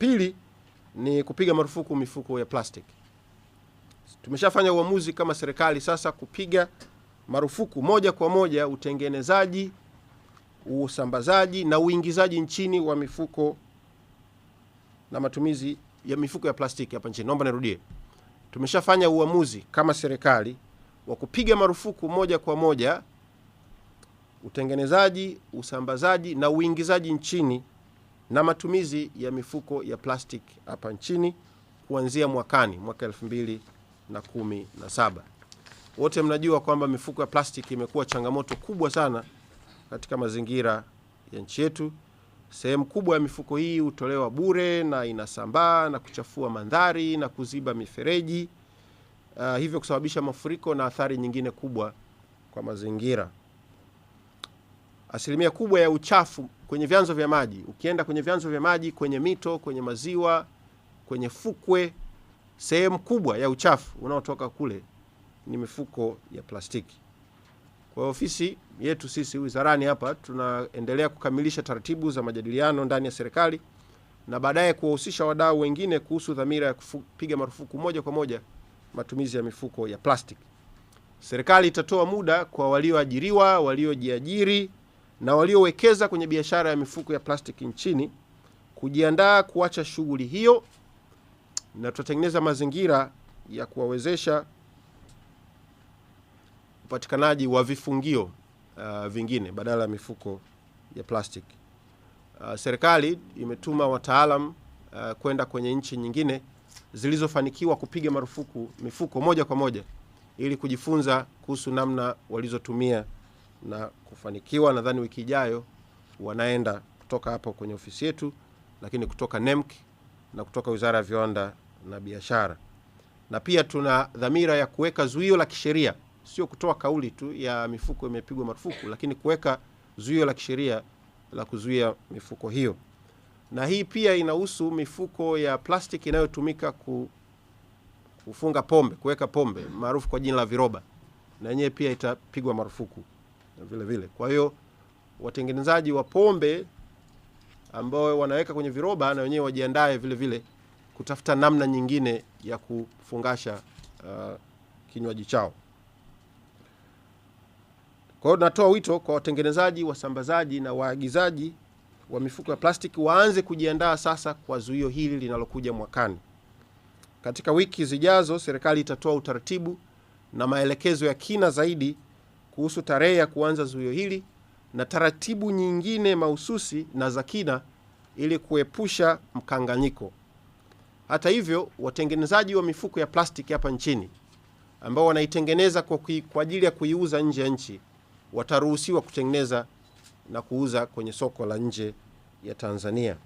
Pili ni kupiga marufuku mifuko ya plastic. Tumeshafanya uamuzi kama serikali sasa kupiga marufuku moja kwa moja utengenezaji, usambazaji na uingizaji nchini wa mifuko na matumizi ya mifuko ya plastiki hapa nchini. Naomba nirudie, tumeshafanya uamuzi kama serikali wa kupiga marufuku moja kwa moja utengenezaji, usambazaji na uingizaji nchini na matumizi ya mifuko ya plastiki hapa nchini kuanzia mwakani mwaka 2017. Wote mnajua kwamba mifuko ya plastiki imekuwa changamoto kubwa sana katika mazingira ya nchi yetu. Sehemu kubwa ya mifuko hii hutolewa bure na inasambaa na kuchafua mandhari na kuziba mifereji uh, hivyo kusababisha mafuriko na athari nyingine kubwa kwa mazingira asilimia kubwa ya uchafu kwenye vyanzo vya maji. Ukienda kwenye vyanzo vya maji, kwenye mito, kwenye maziwa, kwenye fukwe, sehemu kubwa ya uchafu unaotoka kule ni mifuko ya plastiki. Kwa ofisi yetu sisi wizarani hapa tunaendelea kukamilisha taratibu za majadiliano ndani ya serikali na baadaye kuwahusisha wadau wengine kuhusu dhamira ya kupiga marufuku moja kwa moja matumizi ya mifuko ya plastiki. Serikali itatoa muda kwa walioajiriwa, waliojiajiri na waliowekeza kwenye biashara ya mifuko ya plastiki nchini kujiandaa kuacha shughuli hiyo, na tutatengeneza mazingira ya kuwawezesha upatikanaji wa vifungio uh, vingine badala ya mifuko ya plastiki. Uh, serikali imetuma wataalam uh, kwenda kwenye nchi nyingine zilizofanikiwa kupiga marufuku mifuko moja kwa moja ili kujifunza kuhusu namna walizotumia na kufanikiwa, nadhani wiki ijayo wanaenda kutoka hapo kwenye ofisi yetu, lakini kutoka nemk na kutoka Wizara ya Viwanda na Biashara. Na pia tuna dhamira ya kuweka zuio la kisheria, sio kutoa kauli tu ya mifuko imepigwa marufuku, lakini kuweka zuio la kisheria la kuzuia mifuko hiyo. Na hii pia inahusu mifuko ya plastiki inayotumika kufunga pombe, kuweka pombe maarufu kwa jina la viroba, na yenyewe pia itapigwa marufuku vile vile. Kwa hiyo watengenezaji wa pombe ambao wanaweka kwenye viroba na wenyewe wajiandae vile vile kutafuta namna nyingine ya kufungasha uh, kinywaji chao. Kwa hiyo natoa wito kwa watengenezaji, wasambazaji na waagizaji wa mifuko ya plastiki waanze kujiandaa sasa kwa zuio hili linalokuja mwakani. Katika wiki zijazo, serikali itatoa utaratibu na maelekezo ya kina zaidi kuhusu tarehe ya kuanza zuio hili na taratibu nyingine mahususi na za kina ili kuepusha mkanganyiko. Hata hivyo, watengenezaji wa mifuko ya plastiki hapa nchini ambao wanaitengeneza kwa, kwa ajili ya kuiuza nje ya nchi wataruhusiwa kutengeneza na kuuza kwenye soko la nje ya Tanzania.